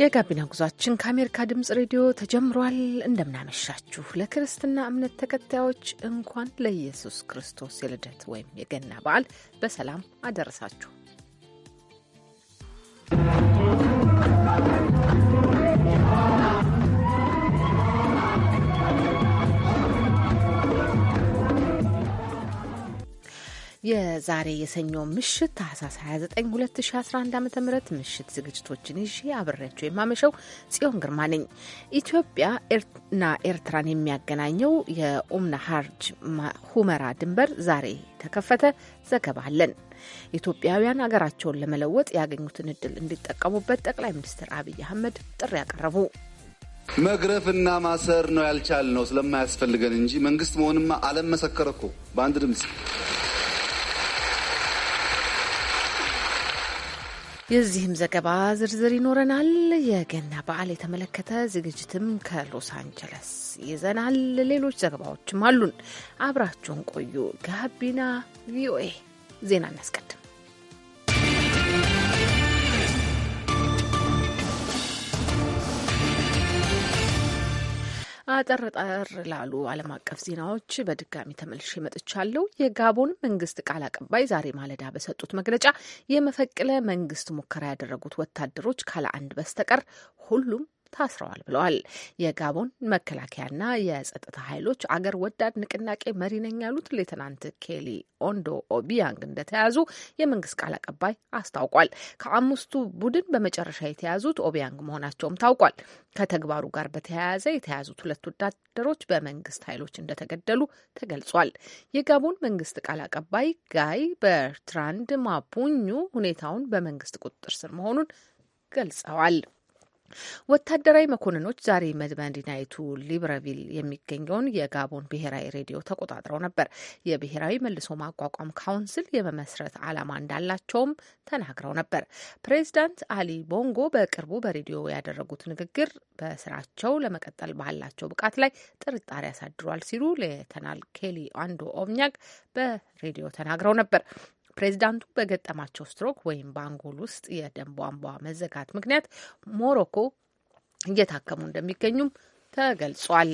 የጋቢና ጉዟችን ከአሜሪካ ድምጽ ሬዲዮ ተጀምሯል። እንደምናመሻችሁ። ለክርስትና እምነት ተከታዮች እንኳን ለኢየሱስ ክርስቶስ የልደት ወይም የገና በዓል በሰላም አደረሳችሁ። የዛሬ የሰኞ ምሽት ታህሳስ 29 2011 ዓ ም ምሽት ዝግጅቶችን ይዤ አብሬያቸው የማመሸው ጽዮን ግርማ ነኝ። እና ኤርትራን የሚያገናኘው የኡምና ሀርጅ ሁመራ ድንበር ዛሬ ተከፈተ። ዘገባ አለን። ኢትዮጵያውያን ሀገራቸውን ለመለወጥ ያገኙትን እድል እንዲጠቀሙበት ጠቅላይ ሚኒስትር አብይ አህመድ ጥሪ ያቀረቡ መግረፍና ማሰር ነው ያልቻል ነው ስለማያስፈልገን እንጂ መንግስት መሆንማ ዓለም መሰከረ እኮ በአንድ ድምፅ የዚህም ዘገባ ዝርዝር ይኖረናል። የገና በዓል የተመለከተ ዝግጅትም ከሎስ አንጀለስ ይዘናል። ሌሎች ዘገባዎችም አሉን። አብራችሁን ቆዩ። ጋቢና ቪኦኤ ዜና እናስቀድም። አጠር ጠር ላሉ ዓለም አቀፍ ዜናዎች በድጋሚ ተመልሼ መጥቻለሁ። የጋቦን መንግስት ቃል አቀባይ ዛሬ ማለዳ በሰጡት መግለጫ የመፈቅለ መንግስት ሙከራ ያደረጉት ወታደሮች ካለ አንድ በስተቀር ሁሉም ታስረዋል ብለዋል። የጋቦን መከላከያና የጸጥታ ኃይሎች አገር ወዳድ ንቅናቄ መሪ ነኝ ያሉት ሌተናንት ኬሊ ኦንዶ ኦቢያንግ እንደተያዙ የመንግስት ቃል አቀባይ አስታውቋል። ከአምስቱ ቡድን በመጨረሻ የተያዙት ኦቢያንግ መሆናቸውም ታውቋል። ከተግባሩ ጋር በተያያዘ የተያዙት ሁለት ወታደሮች በመንግስት ኃይሎች እንደተገደሉ ተገልጿል። የጋቦን መንግስት ቃል አቀባይ ጋይ በርትራንድ ማፑኙ ሁኔታውን በመንግስት ቁጥጥር ስር መሆኑን ገልጸዋል። ወታደራዊ መኮንኖች ዛሬ መዲናይቱ ሊብረቪል የሚገኘውን የጋቦን ብሔራዊ ሬዲዮ ተቆጣጥረው ነበር። የብሔራዊ መልሶ ማቋቋም ካውንስል የመመስረት ዓላማ እንዳላቸውም ተናግረው ነበር። ፕሬዚዳንት አሊ ቦንጎ በቅርቡ በሬዲዮ ያደረጉት ንግግር በስራቸው ለመቀጠል ባላቸው ብቃት ላይ ጥርጣሬ ያሳድሯል ሲሉ ሌተናል ኬሊ አንዶ ኦብኛግ በሬዲዮ ተናግረው ነበር። ፕሬዚዳንቱ በገጠማቸው ስትሮክ ወይም በአንጎል ውስጥ የደም ቧንቧ መዘጋት ምክንያት ሞሮኮ እየታከሙ እንደሚገኙም ተገልጿል።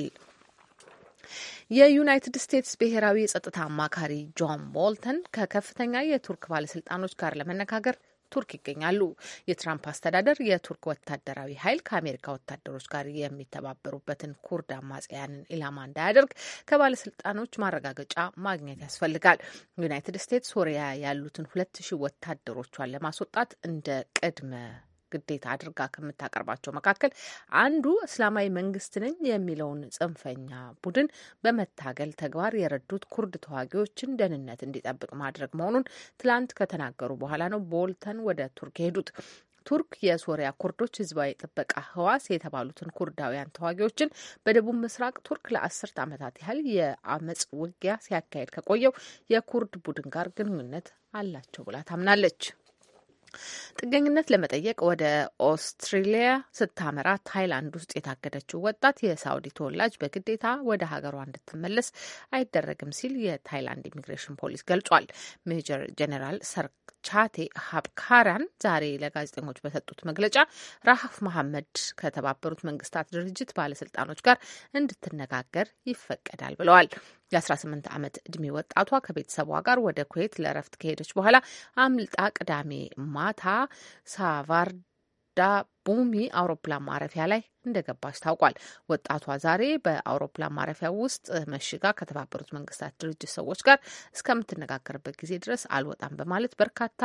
የዩናይትድ ስቴትስ ብሔራዊ የጸጥታ አማካሪ ጆን ቦልተን ከከፍተኛ የቱርክ ባለስልጣኖች ጋር ለመነጋገር ቱርክ ይገኛሉ። የትራምፕ አስተዳደር የቱርክ ወታደራዊ ኃይል ከአሜሪካ ወታደሮች ጋር የሚተባበሩበትን ኩርድ አማጽያንን ኢላማ እንዳያደርግ ከባለስልጣኖች ማረጋገጫ ማግኘት ያስፈልጋል። ዩናይትድ ስቴትስ ሶሪያ ያሉትን ሁለት ሺህ ወታደሮቿን ለማስወጣት እንደ ቅድመ ግዴታ አድርጋ ከምታቀርባቸው መካከል አንዱ እስላማዊ መንግስት ነኝ የሚለውን ጽንፈኛ ቡድን በመታገል ተግባር የረዱት ኩርድ ተዋጊዎችን ደህንነት እንዲጠብቅ ማድረግ መሆኑን ትላንት ከተናገሩ በኋላ ነው ቦልተን ወደ ቱርክ የሄዱት። ቱርክ የሶሪያ ኩርዶች ህዝባዊ ጥበቃ ህዋስ የተባሉትን ኩርዳውያን ተዋጊዎችን በደቡብ ምስራቅ ቱርክ ለአስርት ዓመታት ያህል የአመፅ ውጊያ ሲያካሄድ ከቆየው የኩርድ ቡድን ጋር ግንኙነት አላቸው ብላ ታምናለች። ጥገኝነት ለመጠየቅ ወደ ኦስትሬሊያ ስታመራ ታይላንድ ውስጥ የታገደችው ወጣት የሳውዲ ተወላጅ በግዴታ ወደ ሀገሯ እንድትመለስ አይደረግም ሲል የታይላንድ ኢሚግሬሽን ፖሊስ ገልጿል። ሜጀር ጀኔራል ሰርቻቴ ሀብካራን ዛሬ ለጋዜጠኞች በሰጡት መግለጫ ራሀፍ መሐመድ ከተባበሩት መንግስታት ድርጅት ባለስልጣኖች ጋር እንድትነጋገር ይፈቀዳል ብለዋል። የ18 ዓመት ዕድሜ ወጣቷ ከቤተሰቧ ጋር ወደ ኩዌት ለእረፍት ከሄደች በኋላ አምልጣ ቅዳሜ ማታ ሳቫርዳ ቡሚ አውሮፕላን ማረፊያ ላይ እንደገባች ታውቋል። ወጣቷ ዛሬ በአውሮፕላን ማረፊያ ውስጥ መሽጋ ከተባበሩት መንግስታት ድርጅት ሰዎች ጋር እስከምትነጋገርበት ጊዜ ድረስ አልወጣም በማለት በርካታ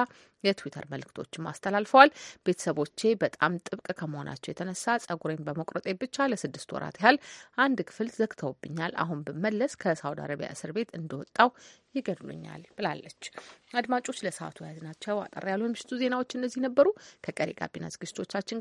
የትዊተር መልእክቶችም አስተላልፈዋል። ቤተሰቦቼ በጣም ጥብቅ ከመሆናቸው የተነሳ ጸጉሬን በመቁረጤ ብቻ ለስድስት ወራት ያህል አንድ ክፍል ዘግተውብኛል። አሁን ብመለስ ከሳውዲ አረቢያ እስር ቤት እንደወጣው ይገድሉኛል ብላለች። አድማጮች፣ ለሰዓቱ የያዝናቸው አጠር ያሉ የምሽቱ ዜናዎች እነዚህ ነበሩ። ከቀሪ ጋቢና ዝግጅቶቻችን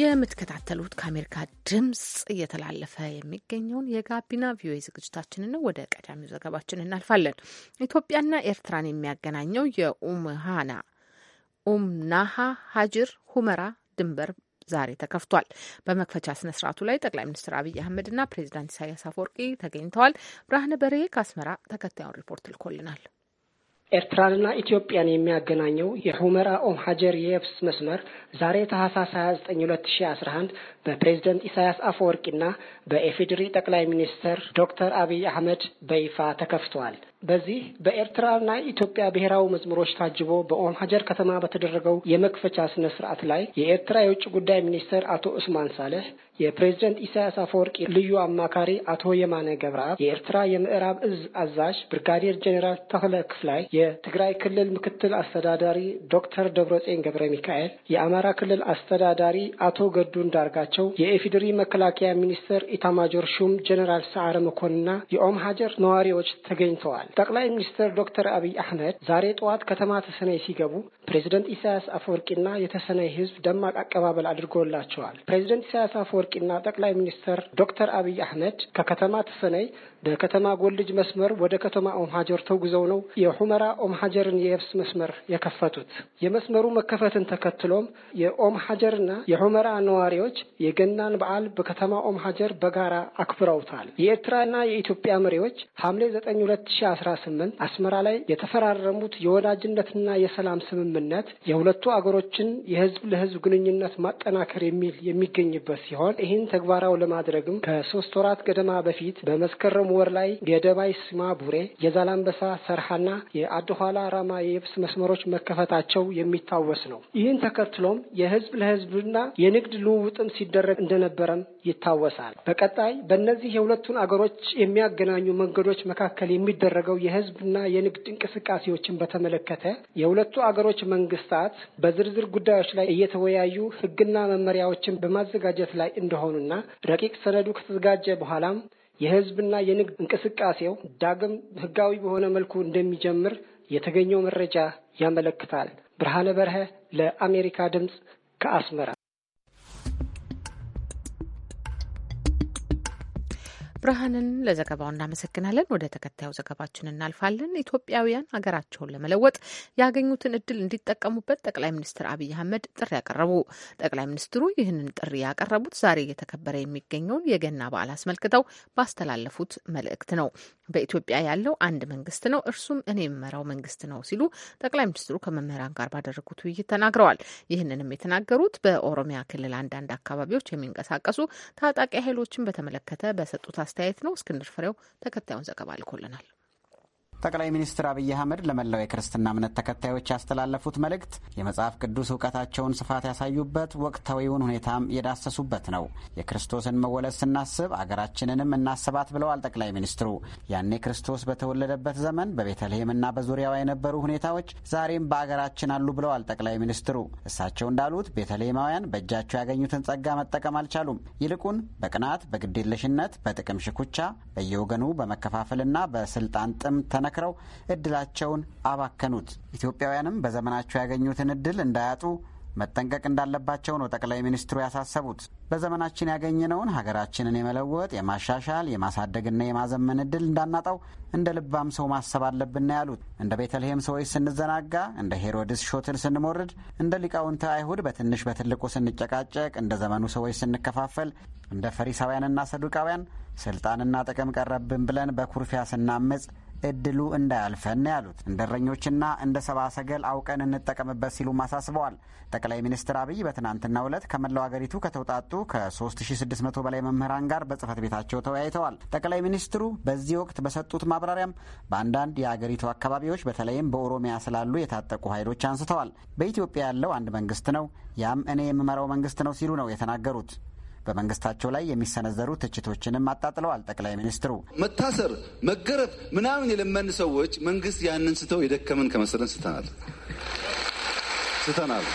የምትከታተሉት ከአሜሪካ ድምጽ እየተላለፈ የሚገኘውን የጋቢና ቪኦኤ ዝግጅታችን ነው። ወደ ቀዳሚው ዘገባችን እናልፋለን። ኢትዮጵያና ኤርትራን የሚያገናኘው የኡምሃና ኡምናሃ ሀጅር ሁመራ ድንበር ዛሬ ተከፍቷል። በመክፈቻ ስነ ስርዓቱ ላይ ጠቅላይ ሚኒስትር አብይ አህመድና ፕሬዚዳንት ኢሳያስ አፈወርቂ ተገኝተዋል። ብርሃነ በሬ ከአስመራ ተከታዩን ሪፖርት ልኮልናል። ኤርትራንና ኢትዮጵያን የሚያገናኘው የሁመራ ኦም ሀጀር የየብስ መስመር ዛሬ ታህሳስ 29 2011 በፕሬዝደንት ኢሳያስ አፈወርቂና በኤፌድሪ ጠቅላይ ሚኒስትር ዶክተር አብይ አህመድ በይፋ ተከፍተዋል። በዚህ በኤርትራና ኢትዮጵያ ብሔራዊ መዝሙሮች ታጅቦ በኦም ሀጀር ከተማ በተደረገው የመክፈቻ ስነ ስርዓት ላይ የኤርትራ የውጭ ጉዳይ ሚኒስትር አቶ እስማን ሳለህ የፕሬዝደንት ኢሳያስ አፈወርቂ ልዩ አማካሪ አቶ የማነ ገብረአብ፣ የኤርትራ የምዕራብ እዝ አዛዥ ብርጋዴር ጄኔራል ተክለ ክፍላይ፣ የትግራይ ክልል ምክትል አስተዳዳሪ ዶክተር ደብረጽዮን ገብረ ሚካኤል፣ የአማራ ክልል አስተዳዳሪ አቶ ገዱ እንዳርጋቸው ያላቸው የኢፌዴሪ መከላከያ ሚኒስቴር ኢታማጆር ሹም ጀኔራል ሰዓረ መኮንና የኦም ሀጀር ነዋሪዎች ተገኝተዋል። ጠቅላይ ሚኒስትር ዶክተር አብይ አህመድ ዛሬ ጠዋት ከተማ ተሰነይ ሲገቡ ፕሬዚደንት ኢሳያስ አፈወርቂና የተሰነይ ህዝብ ደማቅ አቀባበል አድርጎላቸዋል። ፕሬዚደንት ኢሳያስ አፈወርቂና ጠቅላይ ሚኒስትር ዶክተር አብይ አህመድ ከከተማ ተሰነይ በከተማ ጎልጅ መስመር ወደ ከተማ ኦም ሀጀር ተጉዘው ነው የሁመራ ኦም ሀጀርን የየብስ መስመር የከፈቱት። የመስመሩ መከፈትን ተከትሎም የኦም ሀጀርና ነዋሪዎች የገናን በዓል በከተማ ኦም ሀጀር በጋራ አክብረውታል። የኤርትራና የኢትዮጵያ መሪዎች ሐምሌ 9 2018 አስመራ ላይ የተፈራረሙት የወዳጅነትና የሰላም ስምምነት የሁለቱ አገሮችን የህዝብ ለህዝብ ግንኙነት ማጠናከር የሚል የሚገኝበት ሲሆን ይህን ተግባራው ለማድረግም ከሶስት ወራት ገደማ በፊት በመስከረሙ ወር ላይ የደባይ ሲማ ቡሬ፣ የዛላንበሳ ሰርሃና የአድኋላ ራማ የየብስ መስመሮች መከፈታቸው የሚታወስ ነው። ይህን ተከትሎም የህዝብ ለህዝብና የንግድ ልውውጥም ሲደረግ እንደነበረም ይታወሳል። በቀጣይ በእነዚህ የሁለቱን አገሮች የሚያገናኙ መንገዶች መካከል የሚደረገው የህዝብና የንግድ እንቅስቃሴዎችን በተመለከተ የሁለቱ አገሮች መንግስታት በዝርዝር ጉዳዮች ላይ እየተወያዩ ህግና መመሪያዎችን በማዘጋጀት ላይ እንደሆኑና ረቂቅ ሰነዱ ከተዘጋጀ በኋላም የህዝብና የንግድ እንቅስቃሴው ዳግም ህጋዊ በሆነ መልኩ እንደሚጀምር የተገኘው መረጃ ያመለክታል። ብርሃነ በርሀ ለአሜሪካ ድምፅ ከአስመራ ብርሃንን ለዘገባው እናመሰግናለን። ወደ ተከታዩ ዘገባችን እናልፋለን። ኢትዮጵያውያን ሀገራቸውን ለመለወጥ ያገኙትን እድል እንዲጠቀሙበት ጠቅላይ ሚኒስትር አብይ አህመድ ጥሪ ያቀረቡ። ጠቅላይ ሚኒስትሩ ይህንን ጥሪ ያቀረቡት ዛሬ እየተከበረ የሚገኘውን የገና በዓል አስመልክተው ባስተላለፉት መልእክት ነው። በኢትዮጵያ ያለው አንድ መንግስት ነው፣ እርሱም እኔ የምመራው መንግስት ነው ሲሉ ጠቅላይ ሚኒስትሩ ከመምህራን ጋር ባደረጉት ውይይት ተናግረዋል። ይህንንም የተናገሩት በኦሮሚያ ክልል አንዳንድ አካባቢዎች የሚንቀሳቀሱ ታጣቂ ኃይሎችን በተመለከተ በሰጡት አስተያየት ነው። እስክንድር ፍሬው ተከታዩን ዘገባ ልኮልናል። ጠቅላይ ሚኒስትር አብይ አህመድ ለመላው የክርስትና እምነት ተከታዮች ያስተላለፉት መልእክት የመጽሐፍ ቅዱስ እውቀታቸውን ስፋት ያሳዩበት፣ ወቅታዊውን ሁኔታም የዳሰሱበት ነው። የክርስቶስን መወለድ ስናስብ አገራችንንም እናስባት ብለዋል ጠቅላይ ሚኒስትሩ። ያኔ ክርስቶስ በተወለደበት ዘመን በቤተልሔምና በዙሪያዋ የነበሩ ሁኔታዎች ዛሬም በአገራችን አሉ ብለዋል ጠቅላይ ሚኒስትሩ። እሳቸው እንዳሉት ቤተልሔማውያን በእጃቸው ያገኙትን ጸጋ መጠቀም አልቻሉም። ይልቁን በቅናት፣ በግዴለሽነት፣ በጥቅም ሽኩቻ በየወገኑ በመከፋፈልና በስልጣን ጥም ተነ አጠናክረው እድላቸውን አባከኑት። ኢትዮጵያውያንም በዘመናቸው ያገኙትን እድል እንዳያጡ መጠንቀቅ እንዳለባቸው ነው ጠቅላይ ሚኒስትሩ ያሳሰቡት። በዘመናችን ያገኘነውን ሀገራችንን የመለወጥ የማሻሻል፣ የማሳደግና የማዘመን እድል እንዳናጣው እንደ ልባም ሰው ማሰብ አለብን ያሉት። እንደ ቤተልሔም ሰዎች ስንዘናጋ፣ እንደ ሄሮድስ ሾትን ስንሞርድ፣ እንደ ሊቃውንተ አይሁድ በትንሽ በትልቁ ስንጨቃጨቅ፣ እንደ ዘመኑ ሰዎች ስንከፋፈል፣ እንደ ፈሪሳውያንና ሰዱቃውያን ስልጣንና ጥቅም ቀረብን ብለን በኩርፊያ ስናምጽ እድሉ እንዳያልፈን ያሉት እንደረኞችና እንደ ሰባ ሰገል አውቀን እንጠቀምበት ሲሉ አሳስበዋል። ጠቅላይ ሚኒስትር አብይ በትናንትናው ዕለት ከመላው አገሪቱ ከተውጣጡ ከ3600 በላይ መምህራን ጋር በጽህፈት ቤታቸው ተወያይተዋል። ጠቅላይ ሚኒስትሩ በዚህ ወቅት በሰጡት ማብራሪያም በአንዳንድ የአገሪቱ አካባቢዎች በተለይም በኦሮሚያ ስላሉ የታጠቁ ኃይሎች አንስተዋል። በኢትዮጵያ ያለው አንድ መንግስት ነው፣ ያም እኔ የምመራው መንግስት ነው ሲሉ ነው የተናገሩት። በመንግስታቸው ላይ የሚሰነዘሩ ትችቶችንም አጣጥለዋል። ጠቅላይ ሚኒስትሩ መታሰር፣ መገረፍ ምናምን የለመን ሰዎች መንግስት ያንን ስተው የደከመን ከመሰለን ስተናል ስተናል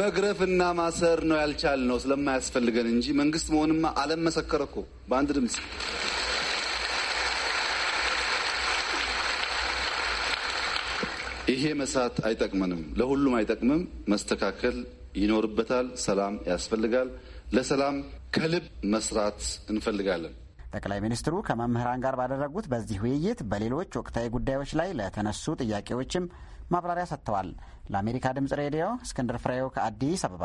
መግረፍና ማሰር ነው ያልቻል ነው ስለማያስፈልገን እንጂ መንግስት መሆንማ ዓለም መሰከረ እኮ በአንድ ድምፅ ይሄ መስራት አይጠቅመንም፣ ለሁሉም አይጠቅምም። መስተካከል ይኖርበታል። ሰላም ያስፈልጋል። ለሰላም ከልብ መስራት እንፈልጋለን። ጠቅላይ ሚኒስትሩ ከመምህራን ጋር ባደረጉት በዚህ ውይይት በሌሎች ወቅታዊ ጉዳዮች ላይ ለተነሱ ጥያቄዎችም ማብራሪያ ሰጥተዋል። ለአሜሪካ ድምጽ ሬዲዮ እስክንድር ፍሬው ከአዲስ አበባ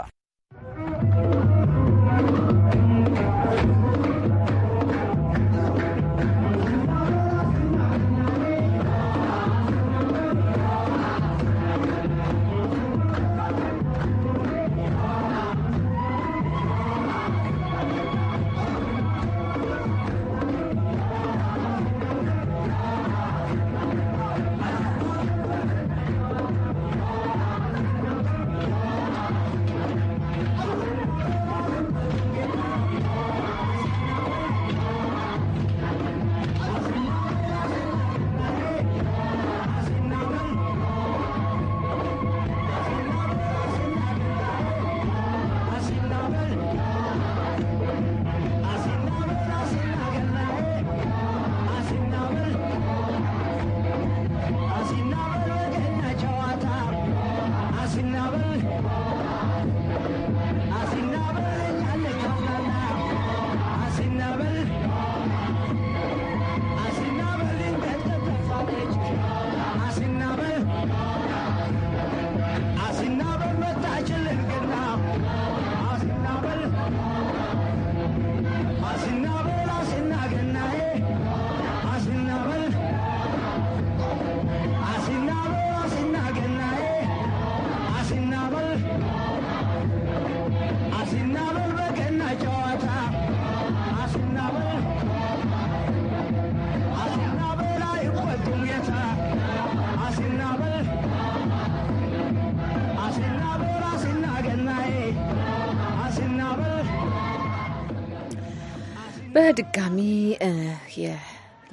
በድጋሚ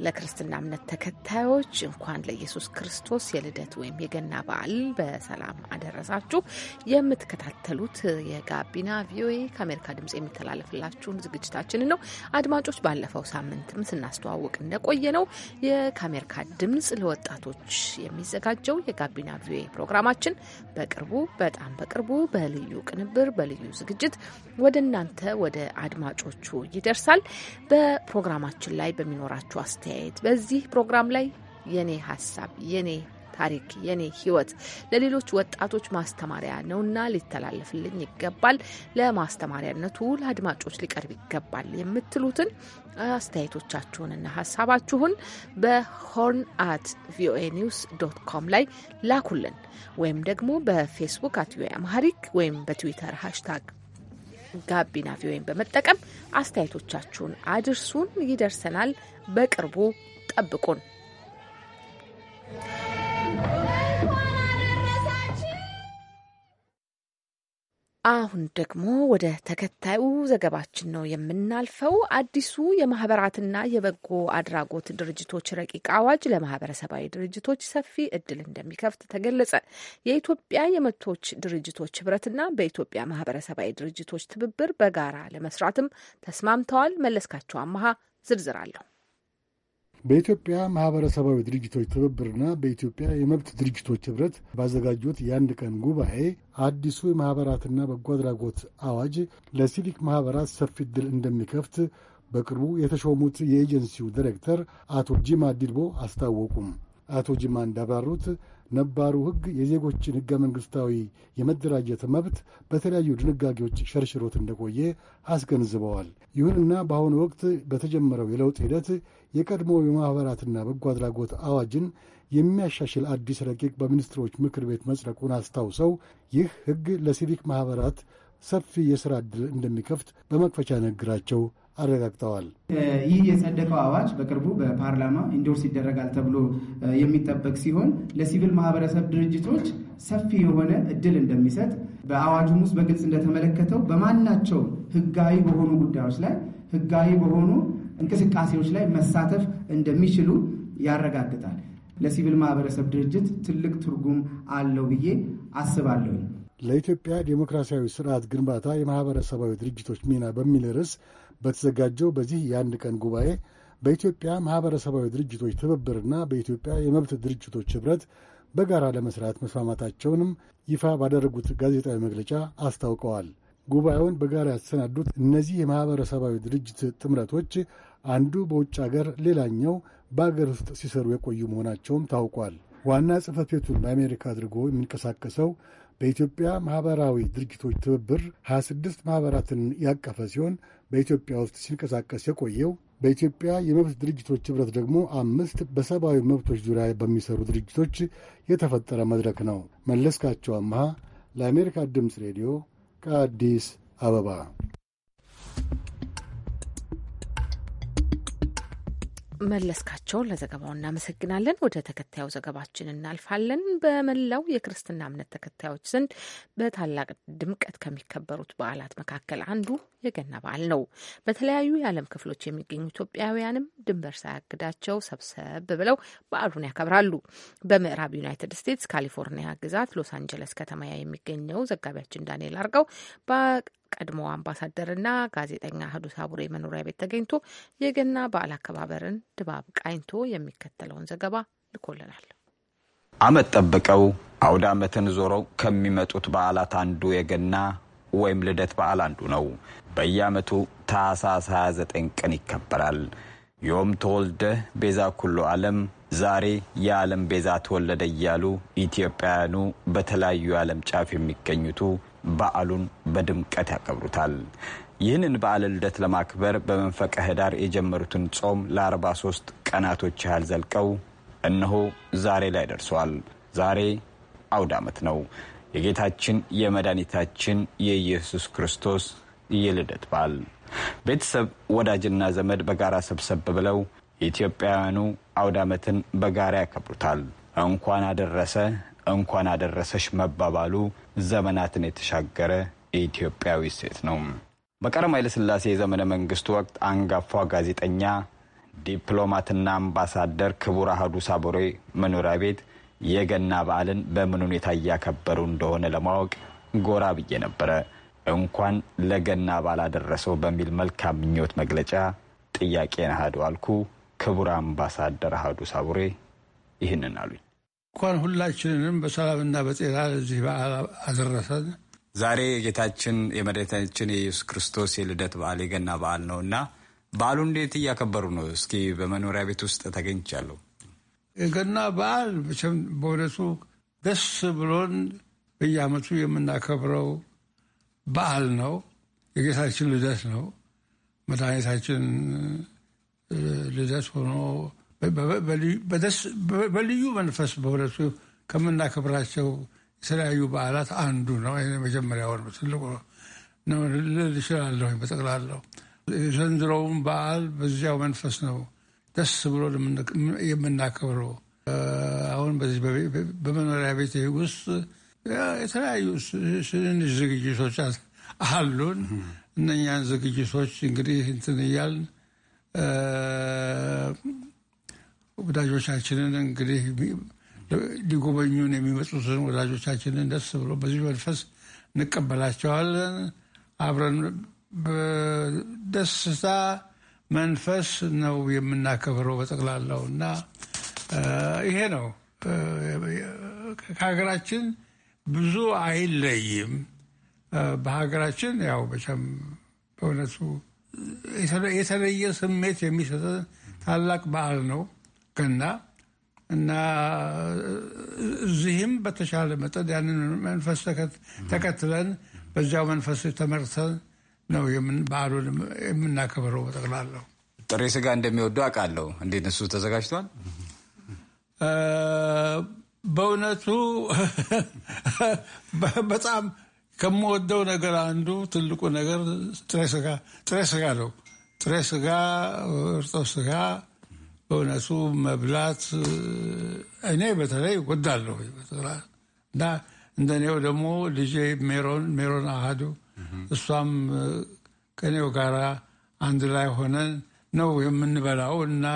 ለክርስትና እምነት ተከታይ ቤተሰቦች እንኳን ለኢየሱስ ክርስቶስ የልደት ወይም የገና በዓል በሰላም አደረሳችሁ። የምትከታተሉት የጋቢና ቪኦኤ ከአሜሪካ ድምጽ የሚተላለፍላችሁን ዝግጅታችን ነው። አድማጮች፣ ባለፈው ሳምንትም ስናስተዋውቅ እንደቆየ ነው ከአሜሪካ ድምጽ ለወጣቶች የሚዘጋጀው የጋቢና ቪኦኤ ፕሮግራማችን በቅርቡ በጣም በቅርቡ በልዩ ቅንብር በልዩ ዝግጅት ወደ እናንተ ወደ አድማጮቹ ይደርሳል። በፕሮግራማችን ላይ በሚኖራችሁ አስተያየት በዚህ ፕሮግራም ላይ የኔ ሀሳብ፣ የኔ ታሪክ፣ የኔ ህይወት ለሌሎች ወጣቶች ማስተማሪያ ነውና ሊተላለፍልኝ ይገባል፣ ለማስተማሪያነቱ ለአድማጮች ሊቀርብ ይገባል የምትሉትን አስተያየቶቻችሁንና ሀሳባችሁን በሆርን አት ቪኦኤ ኒውስ ዶት ኮም ላይ ላኩልን ወይም ደግሞ በፌስቡክ አት ቪኦኤ አማሪክ ወይም በትዊተር ሀሽታግ ጋቢና ቪኦኤን በመጠቀም አስተያየቶቻችሁን አድርሱን። ይደርሰናል። በቅርቡ ጠብቁን። አሁን ደግሞ ወደ ተከታዩ ዘገባችን ነው የምናልፈው። አዲሱ የማህበራትና የበጎ አድራጎት ድርጅቶች ረቂቅ አዋጅ ለማህበረሰባዊ ድርጅቶች ሰፊ እድል እንደሚከፍት ተገለጸ። የኢትዮጵያ የመብቶች ድርጅቶች ህብረትና በኢትዮጵያ ማህበረሰባዊ ድርጅቶች ትብብር በጋራ ለመስራትም ተስማምተዋል። መለስካቸው አመሃ ዝርዝር አለሁ በኢትዮጵያ ማህበረሰባዊ ድርጅቶች ትብብርና በኢትዮጵያ የመብት ድርጅቶች ህብረት ባዘጋጁት የአንድ ቀን ጉባኤ አዲሱ የማህበራትና በጎ አድራጎት አዋጅ ለሲቪክ ማህበራት ሰፊ ዕድል እንደሚከፍት በቅርቡ የተሾሙት የኤጀንሲው ዲሬክተር አቶ ጂማ ዲልቦ አስታወቁም። አቶ ጂማ እንዳብራሩት ነባሩ ህግ የዜጎችን ህገ መንግሥታዊ የመደራጀት መብት በተለያዩ ድንጋጌዎች ሸርሽሮት እንደቆየ አስገንዝበዋል። ይሁንና በአሁኑ ወቅት በተጀመረው የለውጥ ሂደት የቀድሞ የማኅበራትና በጎ አድራጎት አዋጅን የሚያሻሽል አዲስ ረቂቅ በሚኒስትሮች ምክር ቤት መጽደቁን አስታውሰው ይህ ሕግ ለሲቪክ ማኅበራት ሰፊ የሥራ ዕድል እንደሚከፍት በመክፈቻ ንግግራቸው አረጋግጠዋል። ይህ የጸደቀው አዋጅ በቅርቡ በፓርላማ ኢንዶርስ ይደረጋል ተብሎ የሚጠበቅ ሲሆን ለሲቪል ማህበረሰብ ድርጅቶች ሰፊ የሆነ እድል እንደሚሰጥ በአዋጁም ውስጥ በግልጽ እንደተመለከተው በማናቸው ህጋዊ በሆኑ ጉዳዮች ላይ ህጋዊ በሆኑ እንቅስቃሴዎች ላይ መሳተፍ እንደሚችሉ ያረጋግጣል። ለሲቪል ማህበረሰብ ድርጅት ትልቅ ትርጉም አለው ብዬ አስባለሁ። ለኢትዮጵያ ዴሞክራሲያዊ ስርዓት ግንባታ የማህበረሰባዊ ድርጅቶች ሚና በሚል ርዕስ በተዘጋጀው በዚህ የአንድ ቀን ጉባኤ በኢትዮጵያ ማህበረሰባዊ ድርጅቶች ትብብርና በኢትዮጵያ የመብት ድርጅቶች ኅብረት በጋራ ለመስራት መስማማታቸውንም ይፋ ባደረጉት ጋዜጣዊ መግለጫ አስታውቀዋል። ጉባኤውን በጋራ ያሰናዱት እነዚህ የማህበረሰባዊ ድርጅት ጥምረቶች አንዱ በውጭ አገር፣ ሌላኛው በአገር ውስጥ ሲሰሩ የቆዩ መሆናቸውም ታውቋል። ዋና ጽህፈት ቤቱን በአሜሪካ አድርጎ የሚንቀሳቀሰው በኢትዮጵያ ማኅበራዊ ድርጅቶች ትብብር 26 ማኅበራትን ያቀፈ ሲሆን በኢትዮጵያ ውስጥ ሲንቀሳቀስ የቆየው በኢትዮጵያ የመብት ድርጅቶች ኅብረት ደግሞ አምስት በሰብአዊ መብቶች ዙሪያ በሚሰሩ ድርጅቶች የተፈጠረ መድረክ ነው። መለስካቸው አምሃ ለአሜሪካ ድምፅ ሬዲዮ ከአዲስ አበባ መለስካቸው ለዘገባው እናመሰግናለን። ወደ ተከታዩ ዘገባችን እናልፋለን። በመላው የክርስትና እምነት ተከታዮች ዘንድ በታላቅ ድምቀት ከሚከበሩት በዓላት መካከል አንዱ የገና በዓል ነው። በተለያዩ የዓለም ክፍሎች የሚገኙ ኢትዮጵያውያንም ድንበር ሳያግዳቸው ሰብሰብ ብለው በዓሉን ያከብራሉ። በምዕራብ ዩናይትድ ስቴትስ ካሊፎርኒያ ግዛት ሎስ አንጀለስ ከተማ የሚገኘው ዘጋቢያችን ዳንኤል አርጋው ቀድሞ አምባሳደርና ጋዜጠኛ ህዱ ሳቡሬ መኖሪያ ቤት ተገኝቶ የገና በዓል አከባበርን ድባብ ቃኝቶ የሚከተለውን ዘገባ ልኮልናል። አመት ጠብቀው አውደ አመትን ዞረው ከሚመጡት በዓላት አንዱ የገና ወይም ልደት በዓል አንዱ ነው። በየአመቱ ታህሳስ 29 ቀን ይከበራል። ዮም ተወልደ ቤዛ ኩሉ ዓለም ዛሬ የዓለም ቤዛ ተወለደ እያሉ ኢትዮጵያውያኑ በተለያዩ የዓለም ጫፍ የሚገኙቱ በዓሉን በድምቀት ያከብሩታል። ይህንን በዓለ ልደት ለማክበር በመንፈቀ ህዳር የጀመሩትን ጾም ለ43 ቀናቶች ያህል ዘልቀው እነሆ ዛሬ ላይ ደርሰዋል። ዛሬ አውድ ዓመት ነው። የጌታችን የመድኃኒታችን የኢየሱስ ክርስቶስ የልደት በዓል ቤተሰብ፣ ወዳጅና ዘመድ በጋራ ሰብሰብ ብለው የኢትዮጵያውያኑ አውድ ዓመትን በጋራ ያከብሩታል። እንኳን አደረሰ እንኳን አደረሰሽ መባባሉ ዘመናትን የተሻገረ የኢትዮጵያዊ ሴት ነው። በቀዳማዊ ኃይለስላሴ የዘመነ መንግስቱ ወቅት አንጋፋ ጋዜጠኛ፣ ዲፕሎማትና አምባሳደር ክቡር አህዱ ሳቦሬ መኖሪያ ቤት የገና በዓልን በምን ሁኔታ እያከበሩ እንደሆነ ለማወቅ ጎራ ብዬ ነበረ። እንኳን ለገና በዓል አደረሰው በሚል መልካም ምኞት መግለጫ ጥያቄን አህዱ አልኩ። ክቡር አምባሳደር አህዱ ሳቡሬ ይህንን አሉኝ። እንኳን ሁላችንንም በሰላምና በጤና ለዚህ በዓል አደረሰን። ዛሬ የጌታችን የመድኃኒታችን የኢየሱስ ክርስቶስ የልደት በዓል የገና በዓል ነው እና በዓሉ እንዴት እያከበሩ ነው? እስኪ በመኖሪያ ቤት ውስጥ ተገኝቻለሁ። የገና በዓል መቼም በእውነቱ ደስ ብሎን በየዓመቱ የምናከብረው በዓል ነው። የጌታችን ልደት ነው። መድኃኒታችን ልደት ሆኖ በልዩ መንፈስ በሁለቱ ከምናከብራቸው የተለያዩ በዓላት አንዱ ነው። መጀመሪያ ወር ትልቁ ነው ልል በጠቅላላው ዘንድሮውን በዓል በዚያው መንፈስ ነው ደስ ብሎ የምናከብረው። አሁን በዚህ በመኖሪያ ቤት ውስጥ የተለያዩ ትንሽ ዝግጅቶች አሉን። እነኛን ዝግጅቶች እንግዲህ እንትን እያልን ወዳጆቻችንን እንግዲህ ሊጎበኙን የሚመጡትን ወዳጆቻችንን ደስ ብሎ በዚህ መንፈስ እንቀበላቸዋለን። አብረን በደስታ መንፈስ ነው የምናከብረው በጠቅላላው እና ይሄ ነው ከሀገራችን ብዙ አይለይም። በሀገራችን ያው መቼም በእውነቱ የተለየ ስሜት የሚሰጥ ታላቅ በዓል ነው። ከና እና እዚህም በተሻለ መጠን ያንን መንፈስ ተከትለን በዚያው መንፈስ ተመርተን ነው በዓሉን የምናከብረው። በጠቅላላው ጥሬ ስጋ እንደሚወዱ አውቃለሁ። እንዴት እሱ ተዘጋጅቷል? በእውነቱ በጣም ከምወደው ነገር አንዱ ትልቁ ነገር ጥሬ ስጋ ጥሬ ስጋ ነው። ጥሬ ስጋ፣ እርጦ ስጋ በእውነቱ መብላት እኔ በተለይ ወዳለሁ እና እንደኔው ደግሞ ልጄ ሜሮን ሜሮን አህዱ እሷም ከኔው ጋር አንድ ላይ ሆነን ነው የምንበላው እና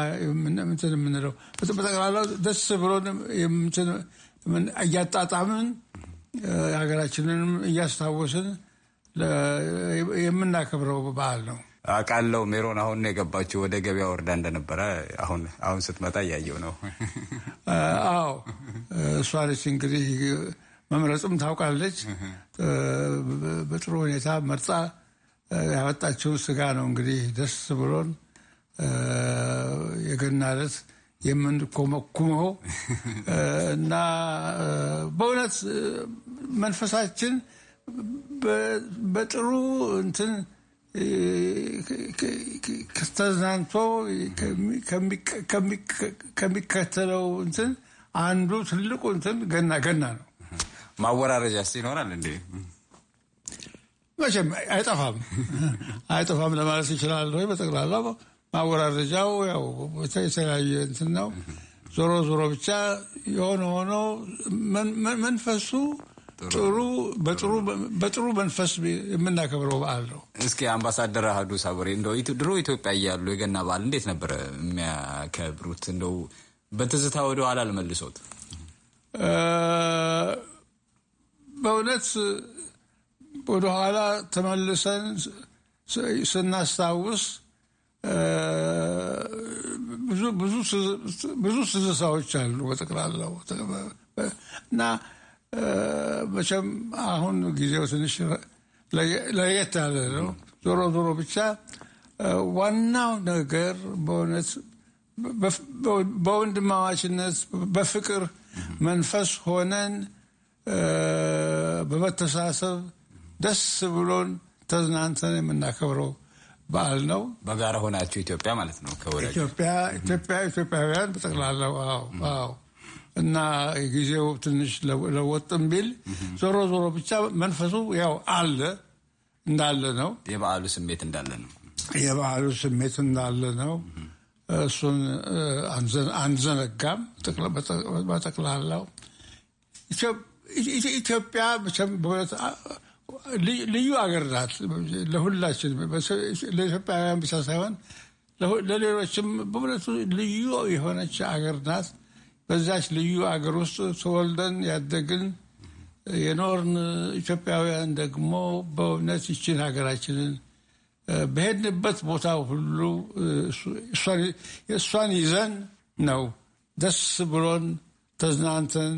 እንትን የምንለው በጠቅላላው ደስ ብሎ እያጣጣምን ሀገራችንንም እያስታወስን የምናከብረው በዓል ነው። አውቃለሁ። ሜሮን አሁን የገባችው ወደ ገበያ ወርዳ እንደነበረ አሁን አሁን ስትመጣ እያየው ነው። አዎ እሷ ነች እንግዲህ መምረጹም ታውቃለች። በጥሩ ሁኔታ መርጣ ያመጣችው ስጋ ነው እንግዲህ ደስ ብሎን የገና ዕለት የምንኮመኩመው እና በእውነት መንፈሳችን በጥሩ እንትን ተዝናንቶ ከሚከተለው እንትን አንዱ ትልቁ እንትን ገና ገና ነው። ስ ይኖራል እንዴ? መቼም አይጠፋም አይጠፋም ለማለት ይችላል ወይ? በጠቅላላ ማወራረጃው ያው የተለያየ እንትን ነው። ዞሮ ዞሮ ብቻ የሆነ ሆኖ መንፈሱ ጥሩ በጥሩ መንፈስ የምናከብረው በዓል ነው። እስኪ አምባሳደር አህዱ ሳቡሬ እንደው ድሮ ኢትዮጵያ እያሉ የገና በዓል እንዴት ነበረ የሚያከብሩት? እንደው በትዝታ ወደ ኋላ አልመልሶት። በእውነት ወደኋላ ተመልሰን ስናስታውስ ብዙ ትዝታዎች አሉ በጠቅላላው እና መቼም አሁን ጊዜው ትንሽ ለየት ያለ ነው። ዞሮ ዞሮ ብቻ ዋናው ነገር በእውነት በወንድማማችነት በፍቅር መንፈስ ሆነን በመተሳሰብ ደስ ብሎን ተዝናንተን የምናከብረው በዓል ነው። በጋራ ሆናችሁ ኢትዮጵያ ማለት ነው። ኢትዮጵያ ኢትዮጵያውያን በጠቅላላው አዎ አዎ እና ጊዜው ትንሽ ለወጥም ቢል ዞሮ ዞሮ ብቻ መንፈሱ ያው አለ እንዳለ ነው። የበዓሉ ስሜት እንዳለ ነው። የበዓሉ ስሜት እንዳለ ነው። እሱን አንዘነጋም። በጠቅላላው ኢትዮጵያ ልዩ አገር ናት። ለሁላችን ለኢትዮጵያውያን ብቻ ሳይሆን ለሌሎችም በእውነቱ ልዩ የሆነች አገር ናት። በዛች ልዩ አገር ውስጥ ተወልደን ያደግን የኖርን ኢትዮጵያውያን ደግሞ በእውነት ይችን ሀገራችንን በሄድንበት ቦታ ሁሉ እሷን ይዘን ነው ደስ ብሎን ተዝናንተን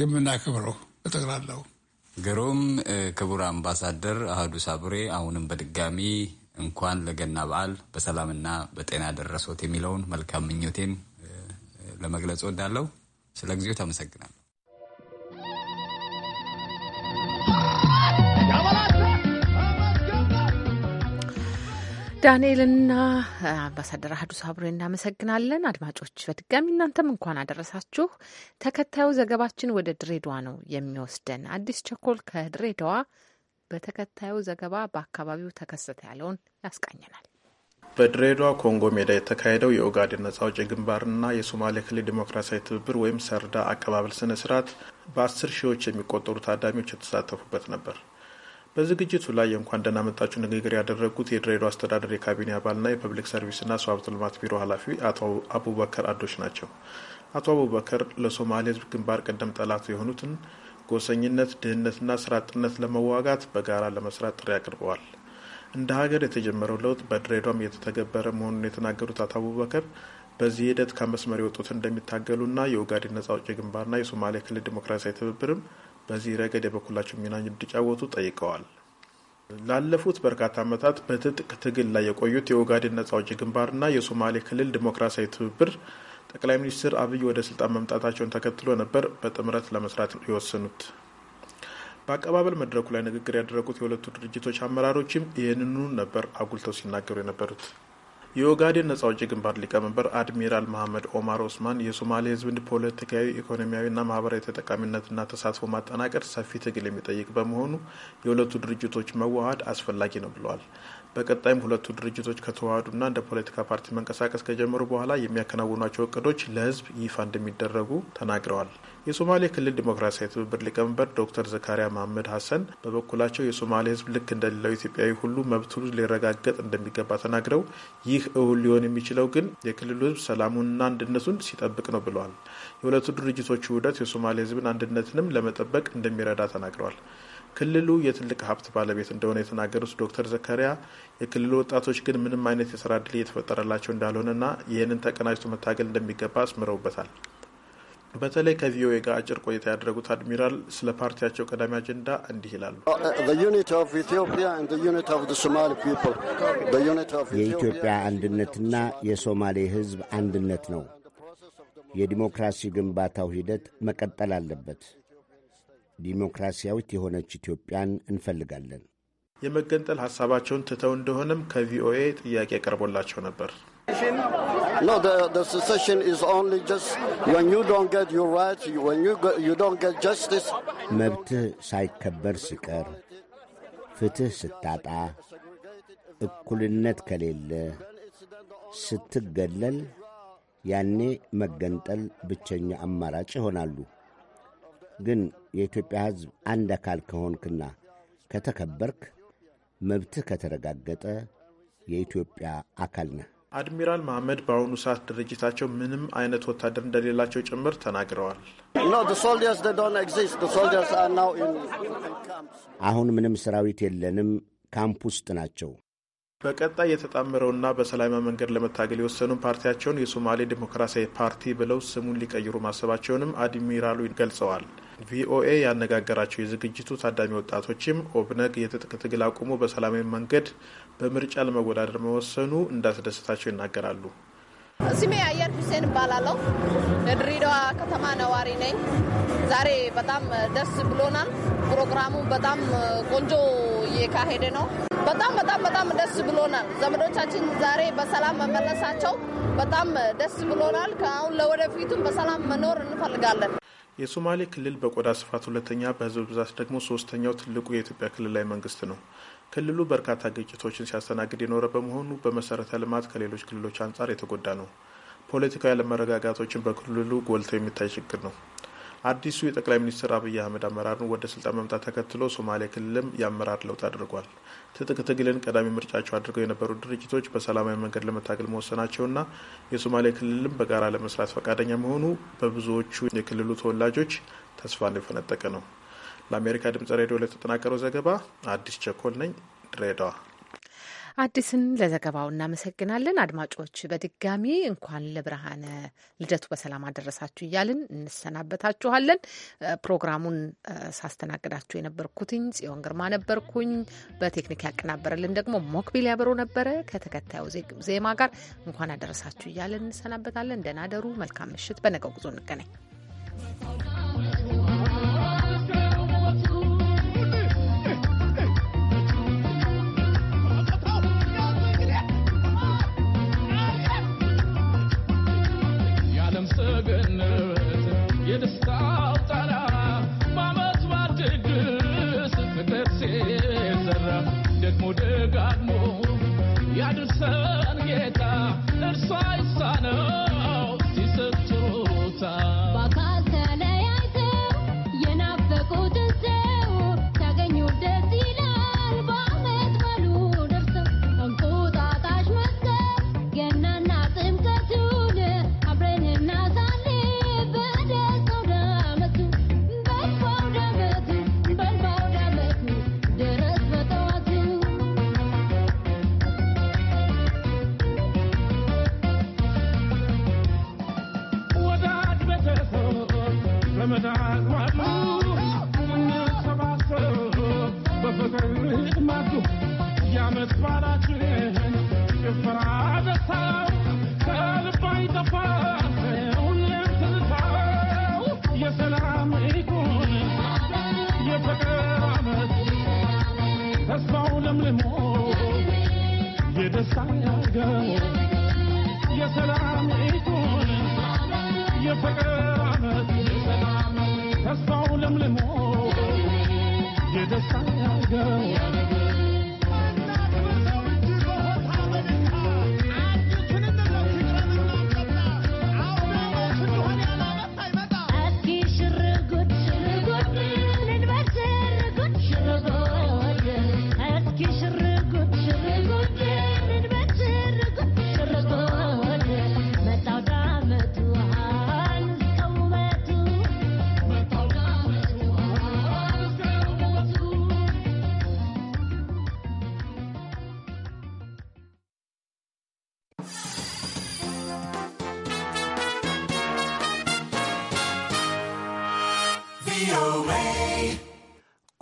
የምናከብረው። እጠቅላለሁ። ግሩም ክቡር አምባሳደር አህዱ ሳቡሬ፣ አሁንም በድጋሚ እንኳን ለገና በዓል በሰላምና በጤና ደረሶት የሚለውን መልካም ምኞቴን ለመግለጽ ወዳለው ስለ ጊዜው ተመሰግናለሁ። ዳንኤልና አምባሳደር አህዱ አብሮ እናመሰግናለን። አድማጮች በድጋሚ እናንተም እንኳን አደረሳችሁ። ተከታዩ ዘገባችን ወደ ድሬዳዋ ነው የሚወስደን። አዲስ ቸኮል ከድሬዳዋ በተከታዩ ዘገባ በአካባቢው ተከሰተ ያለውን ያስቃኘናል። በድሬዳዋ ኮንጎ ሜዳ የተካሄደው የኦጋዴን ነጻ አውጪ ግንባርና የሶማሌ ክልል ዲሞክራሲያዊ ትብብር ወይም ሰርዳ አቀባበል ስነ ስርዓት በአስር ሺዎች የሚቆጠሩ ታዳሚዎች የተሳተፉበት ነበር። በዝግጅቱ ላይ የእንኳን ደህና መጣችሁ ንግግር ያደረጉት የድሬዳዋ አስተዳደር የካቢኔ አባልና የፐብሊክ ሰርቪስና ሰው ሀብት ልማት ቢሮ ኃላፊ አቶ አቡበከር አዶች ናቸው። አቶ አቡበከር ለሶማሌ ህዝብ ግንባር ቀደም ጠላት የሆኑትን ጎሰኝነት፣ ድህነትና ስራ አጥነት ለመዋጋት በጋራ ለመስራት ጥሪ አቅርበዋል። እንደ ሀገር የተጀመረው ለውጥ በድሬዳዋም እየተተገበረ መሆኑን የተናገሩት አቶ አቡበከር በዚህ ሂደት ከመስመር የወጡት እንደሚታገሉና የኦጋዴን ነጻ አውጪ ግንባርና የሶማሌ ክልል ዲሞክራሲያዊ ትብብርም በዚህ ረገድ የበኩላቸው ሚና እንዲጫወቱ ጠይቀዋል። ላለፉት በርካታ ዓመታት በትጥቅ ትግል ላይ የቆዩት የኦጋዴን ነጻ አውጪ ግንባርና የሶማሌ ክልል ዲሞክራሲያዊ ትብብር ጠቅላይ ሚኒስትር አብይ ወደ ስልጣን መምጣታቸውን ተከትሎ ነበር በጥምረት ለመስራት የወሰኑት። በአቀባበል መድረኩ ላይ ንግግር ያደረጉት የሁለቱ ድርጅቶች አመራሮችም ይህንኑ ነበር አጉልተው ሲናገሩ የነበሩት። የኦጋዴን ነጻ አውጪ ግንባር ሊቀመንበር አድሚራል መሐመድ ኦማር ኦስማን የሶማሌ ሕዝብን ፖለቲካዊ፣ ኢኮኖሚያዊና ማህበራዊ ተጠቃሚነትና ተሳትፎ ማጠናቀር ሰፊ ትግል የሚጠይቅ በመሆኑ የሁለቱ ድርጅቶች መዋሃድ አስፈላጊ ነው ብለዋል። በቀጣይም ሁለቱ ድርጅቶች ከተዋህዱና እንደ ፖለቲካ ፓርቲ መንቀሳቀስ ከጀመሩ በኋላ የሚያከናውኗቸው እቅዶች ለሕዝብ ይፋ እንደሚደረጉ ተናግረዋል። የሶማሌ ክልል ዲሞክራሲያዊ ትብብር ሊቀመንበር ዶክተር ዘካሪያ መሀመድ ሀሰን በበኩላቸው የሶማሌ ህዝብ ልክ እንደሌላው ኢትዮጵያዊ ሁሉ መብቱ ሊረጋገጥ እንደሚገባ ተናግረው ይህ እውን ሊሆን የሚችለው ግን የክልሉ ህዝብ ሰላሙንና አንድነቱን ሲጠብቅ ነው ብለዋል። የሁለቱ ድርጅቶች ውህደት የሶማሌ ህዝብን አንድነትንም ለመጠበቅ እንደሚረዳ ተናግረዋል። ክልሉ የትልቅ ሀብት ባለቤት እንደሆነ የተናገሩት ዶክተር ዘካሪያ የክልሉ ወጣቶች ግን ምንም አይነት የስራ እድል እየተፈጠረላቸው እንዳልሆነና ይህንን ተቀናጅቶ መታገል እንደሚገባ አስምረውበታል። በተለይ ከቪኦኤ ጋር አጭር ቆይታ ያደረጉት አድሚራል ስለ ፓርቲያቸው ቀዳሚ አጀንዳ እንዲህ ይላሉ። uh, uh, የኢትዮጵያ አንድነትና የሶማሌ ሕዝብ አንድነት ነው። የዲሞክራሲ ግንባታው ሂደት መቀጠል አለበት። ዲሞክራሲያዊት የሆነች ኢትዮጵያን እንፈልጋለን። የመገንጠል ሀሳባቸውን ትተው እንደሆነም ከቪኦኤ ጥያቄ ቀርቦላቸው ነበር። No, the, the secession is only just when you don't get your rights, when you, go, you don't get justice. መብትህ ሳይከበር ሲቀር፣ ፍትህ ስታጣ፣ እኩልነት ከሌለ፣ ስትገለል፣ ያኔ መገንጠል ብቸኛ አማራጭ ይሆናሉ። ግን የኢትዮጵያ ሕዝብ አንድ አካል ከሆንክና ከተከበርክ፣ መብትህ ከተረጋገጠ የኢትዮጵያ አካል ነህ። አድሚራል መሐመድ በአሁኑ ሰዓት ድርጅታቸው ምንም አይነት ወታደር እንደሌላቸው ጭምር ተናግረዋል። አሁን ምንም ሰራዊት የለንም፣ ካምፕ ውስጥ ናቸው። በቀጣይ የተጣመረውና በሰላማዊ መንገድ ለመታገል የወሰኑ ፓርቲያቸውን የሶማሌ ዴሞክራሲያዊ ፓርቲ ብለው ስሙን ሊቀይሩ ማሰባቸውንም አድሚራሉ ገልጸዋል። ቪኦኤ ያነጋገራቸው የዝግጅቱ ታዳሚ ወጣቶችም ኦብነግ የትጥቅ ትግል አቁሞ በሰላማዊ መንገድ በምርጫ ለመወዳደር መወሰኑ እንዳስደሰታቸው ይናገራሉ። ስሜ አየር ሁሴን እባላለሁ። የድሬዳዋ ከተማ ነዋሪ ነኝ። ዛሬ በጣም ደስ ብሎናል። ፕሮግራሙ በጣም ቆንጆ እየካሄደ ነው። በጣም በጣም በጣም ደስ ብሎናል። ዘመዶቻችን ዛሬ በሰላም መመለሳቸው በጣም ደስ ብሎናል። ከአሁን ለወደፊቱም በሰላም መኖር እንፈልጋለን። የሶማሌ ክልል በቆዳ ስፋት ሁለተኛ፣ በህዝብ ብዛት ደግሞ ሶስተኛው ትልቁ የኢትዮጵያ ክልላዊ መንግስት ነው። ክልሉ በርካታ ግጭቶችን ሲያስተናግድ የኖረ በመሆኑ በመሰረተ ልማት ከሌሎች ክልሎች አንጻር የተጎዳ ነው። ፖለቲካዊ አለመረጋጋቶችን በክልሉ ጎልተው የሚታይ ችግር ነው። አዲሱ የጠቅላይ ሚኒስትር አብይ አህመድ አመራርን ወደ ስልጣን መምጣት ተከትሎ ሶማሌ ክልልም የአመራር ለውጥ አድርጓል። ትጥቅ ትግልን ቀዳሚ ምርጫቸው አድርገው የነበሩ ድርጅቶች በሰላማዊ መንገድ ለመታገል መወሰናቸውና የሶማሌ ክልልም በጋራ ለመስራት ፈቃደኛ መሆኑ በብዙዎቹ የክልሉ ተወላጆች ተስፋ የፈነጠቀ ነው። ለአሜሪካ ድምጽ ሬዲዮ ለተጠናቀረው ዘገባ አዲስ ቸኮል ነኝ፣ ድሬዳዋ አዲስን ለዘገባው እናመሰግናለን። አድማጮች በድጋሚ እንኳን ለብርሃነ ልደቱ በሰላም አደረሳችሁ እያልን እንሰናበታችኋለን። ፕሮግራሙን ሳስተናግዳችሁ የነበርኩትኝ ጽዮን ግርማ ነበርኩኝ። በቴክኒክ ያቀናበረልን ደግሞ ሞክቢል ያበሮ ነበረ። ከተከታዩ ዜማ ጋር እንኳን አደረሳችሁ እያልን እንሰናበታለን። ደህና ደሩ። መልካም ምሽት። በነገው ጉዞ እንገናኝ። በገነት የደስታው ጣና በዓመት በዓል ድግስ ፍቅር ሲዘራ ደግሞ ደጋግሞ ያድርሰን ጌታ እርሷ ይሳነው